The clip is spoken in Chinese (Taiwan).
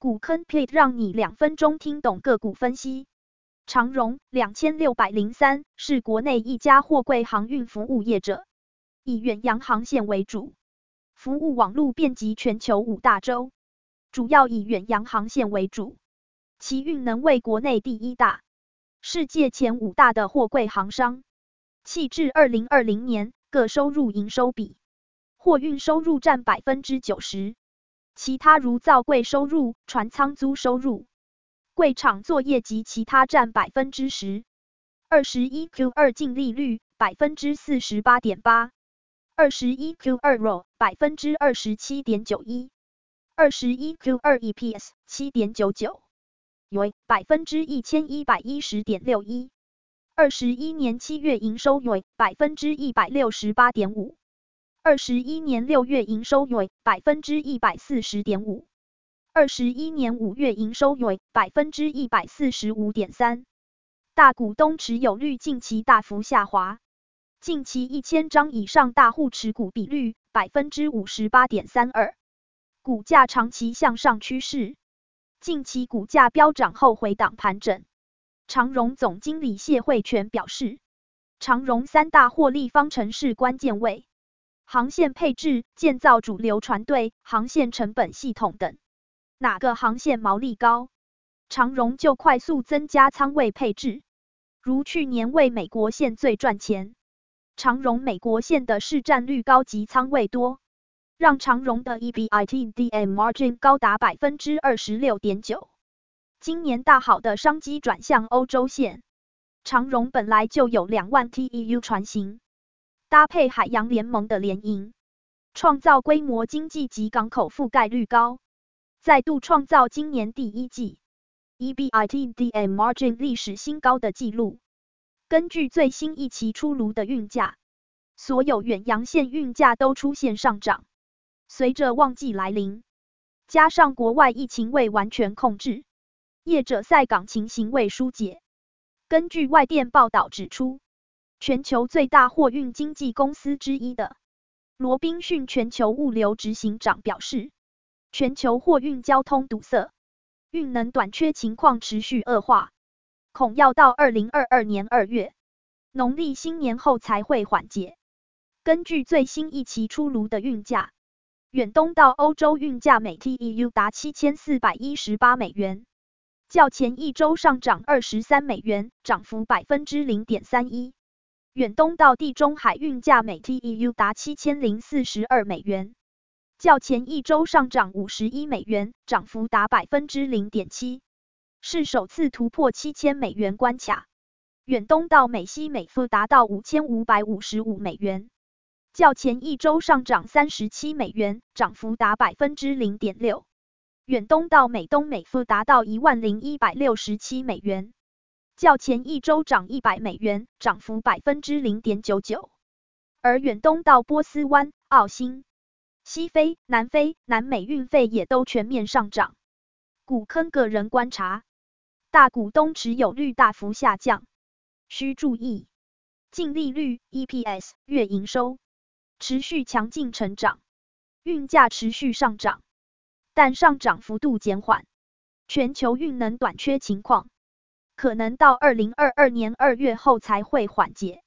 股坑 pit 讓你兩分鐘聽懂個股分析。長榮兩千六百零三是國內一家貨櫃航運服務業者，以遠洋航線為主，服務網絡遍及全球五大洲，主要以遠洋航線為主。其運能為國內第一大，世界前五大的貨櫃航商。截至二零二零年，各收入營收比，貨運收入占百分之九十。其他如造櫃收入、船艙租收入、櫃廠作業及其他占百分之十。二十一 Q 二淨利率百分之四十八點八，二十一 Q 二 ROE 百分之二十七點九一，二十一 Q 二 EPS 七點九九，YoY 百分之一千一百一十點六一，二十一年七月營收 YoY 百分之一百六十八點五。二十一年六月營收為百分之一百四十點五，二十一年五月營收為百分之一百四十五點三。大股東持有率近期大幅下滑，近期一千張以上大戶持股比率百分之五十八點三二。股價長期向上趨勢，近期股價飆漲後回檔盤整。長榮總經理謝慧全表示，長榮三大獲利方程式關鍵位。航線配置、建造主流船隊、航線成本系統等，哪個航線毛利高，長榮就快速增加倉位配置。如去年為美國線最賺錢，長榮美國線的市占率高及倉位多，讓長榮的 EBITDA margin 高達百分之二十六點九。今年大好的商機轉向歐洲線，長榮本來就有兩萬 TEU 船型。搭配海洋聯盟的聯營，創造規模經濟及港口覆蓋率高，再度創造今年第一季 EBITDA margin 歷史新高的紀錄。根據最新一期出爐的運價，所有遠洋線運價都出現上漲。隨着旺季來臨，加上國外疫情未完全控制，業者塞港情形未紓解。根據外電報道指出，全球最大貨運經紀公司之一的羅賓遜全球物流執行長表示，全球貨運交通堵塞、運能短缺情況持續惡化，恐要到二零二二年二月（農曆新年後）才會緩解。根據最新一期出爐的運價，遠東到歐洲運價每 TEU 達七千四百一十八美元，較前一周上漲二十三美元，漲幅百分之零點三一。遠東到地中海運價每 TEU 達七千零四十二美元，較前一周上漲五十一美元，漲幅達百分之零點七，是首次突破七千美元關卡。遠東到美西每 FEU 達到五千五百五十五美元，較前一周上漲三十七美元，漲幅達百分之零點六。遠東到美東每 FEU 達到一萬零一百六十七美元。較前一周漲一百美元，漲幅百分之零點九九。而遠東到波斯灣、澳新、西非、南非、南美運費也都全面上漲。股坑個人觀察，大股東持有率大幅下降，需注意。淨利率、EPS、月營收持續強勁成長，運價持續上漲，但上漲幅度減緩。全球運能短缺情況。可能到二零二二年二月後才會緩解。